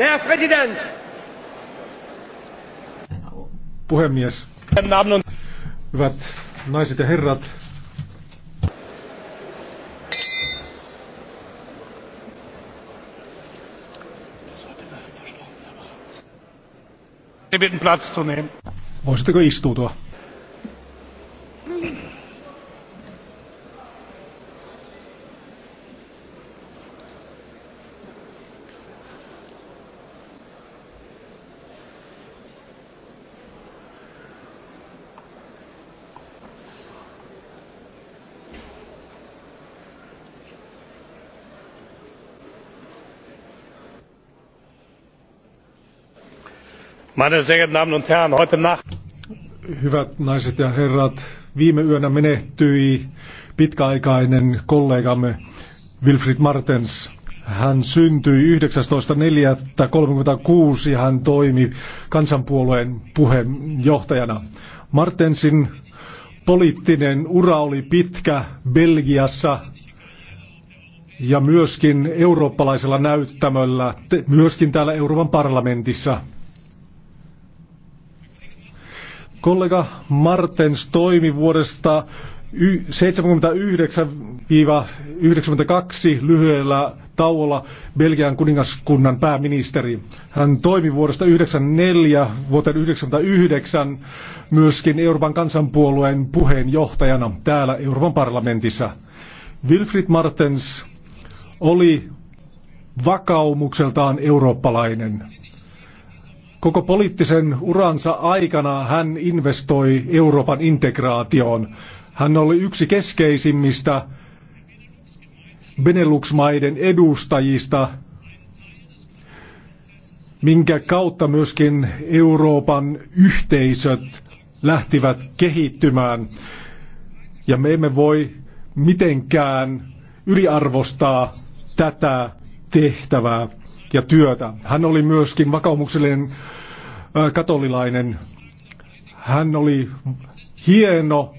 Der Präsident! Puhemies. Hyvät naiset ja herrat. Voisitteko istuutua? Meine sehr geehrten Damen und Herren, heute Nacht. Hyvät naiset ja herrat, viime yönä menehtyi pitkäaikainen kollegamme Wilfried Martens. Hän syntyi 19.4.36 ja hän toimi kansanpuolueen puheenjohtajana. Martensin poliittinen ura oli pitkä Belgiassa ja myöskin eurooppalaisella näyttämöllä, myöskin täällä Euroopan parlamentissa. Kollega Martens toimi vuodesta 79-92 lyhyellä tauolla Belgian kuningaskunnan pääministeri. Hän toimi vuodesta 1994 vuoteen 1999 myöskin Euroopan kansanpuolueen puheenjohtajana täällä Euroopan parlamentissa. Wilfried Martens oli vakaumukseltaan eurooppalainen. Koko poliittisen uransa aikana hän investoi Euroopan integraatioon. Hän oli yksi keskeisimmistä Benelux-maiden edustajista, minkä kautta myöskin Euroopan yhteisöt lähtivät kehittymään. Ja me emme voi mitenkään yliarvostaa tätä tehtävää ja työtä. Hän oli myöskin vakaumuksellinen katolilainen. Hän oli hieno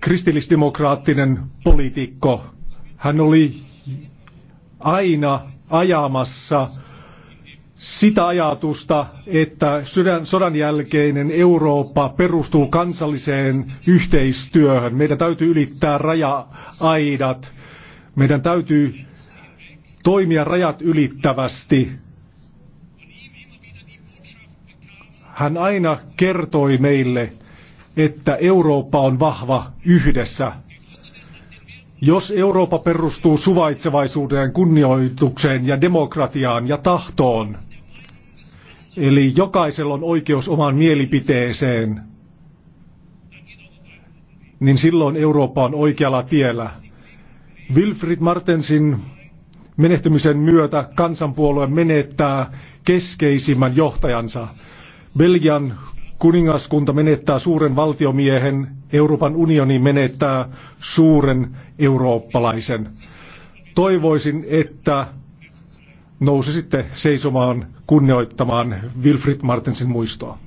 kristillisdemokraattinen poliitikko. Hän oli aina ajamassa sitä ajatusta, että sodan jälkeinen Eurooppa perustuu kansalliseen yhteistyöhön. Meidän täytyy ylittää raja-aidat. Meidän täytyy toimia rajat ylittävästi hän aina kertoi meille, että Eurooppa on vahva yhdessä. Jos Eurooppa perustuu suvaitsevaisuuteen, kunnioitukseen ja demokratiaan ja tahtoon, eli jokaisella on oikeus omaan mielipiteeseen, niin silloin Eurooppa on oikealla tiellä. Wilfrid Martensin menehtymisen myötä kansanpuolue menettää keskeisimmän johtajansa. Belgian kuningaskunta menettää suuren valtiomiehen, Euroopan unioni menettää suuren eurooppalaisen. Toivoisin, että nousisitte seisomaan kunnioittamaan Wilfrid Martensin muistoa.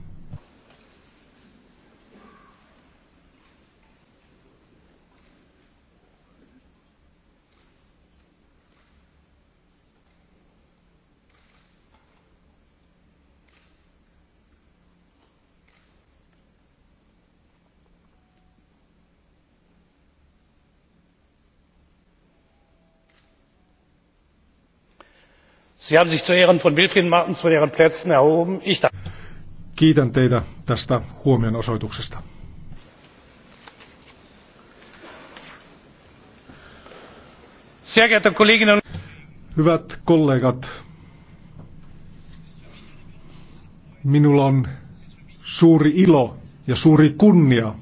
sie haben sich zu ehren von wilfried martens von ihren plätzen erhoben. ich danke Kiitän teitä tästä huomionosoituksesta. Sehr geehrte Kolleginnen Hyvät kollegat, minulla on suuri ilo ja suuri kunnia,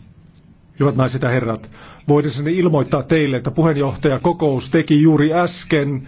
hyvät naiset ja herrat, voidessani ilmoittaa teille, että puheenjohtajakokous teki juuri äsken